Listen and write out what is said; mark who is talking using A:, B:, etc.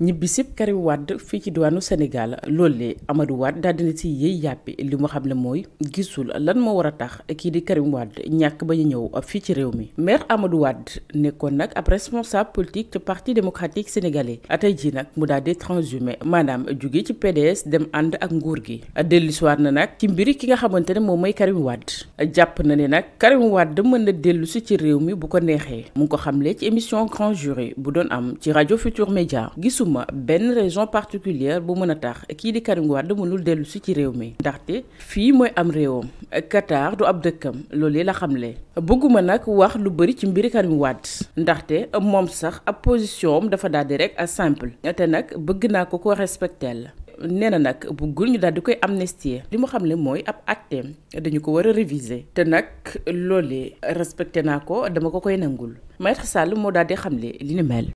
A: ñibbisib Karim Wade fii ci diwaanu Sénégal loolee Amadou Wade daal dina ci yëy yàppi li mu xam ne mooy gisul lan moo war a tax kii di Karim Wade ñàkk ba ñu ñëw fii ci réew mi maire Amadou Wade nekkoon nag ab responsable politique ci parti démocratique sénégalais tey jii nag mu daal di transhumé maanaam jóge ci PDS dem ànd ak nguur gi dellusiwaat na nag ci mbiri ki nga xamante ne moom mooy Karim Wade jàpp na ne nag Karim Wade mën na dellu si ci réew mi bu ko neexee mu ngi ko xamle ci émission Grand Jury bu doon am rajo Futur Média gisuma benn raison particulière bu mën a tax kii di Karim Wade mënul dellu si ci réew mi ndaxte fii mooy am réewam Qatar du ab dëkkam loolee la xamle bëgguma nag wax lu bëri ci mbiri Karim Wade ndaxte moom sax ab position am dafa daal di rek simple te nag bëgg naa ko ko respectel nee na nag bëggul ñu daal di koy amnistier li mu xam ne mooy ab atteem dañu ko war a réviser te nag loolee respecté naa ko dama ko koy nangul Maître Sall moo daal di xamle li ni mel.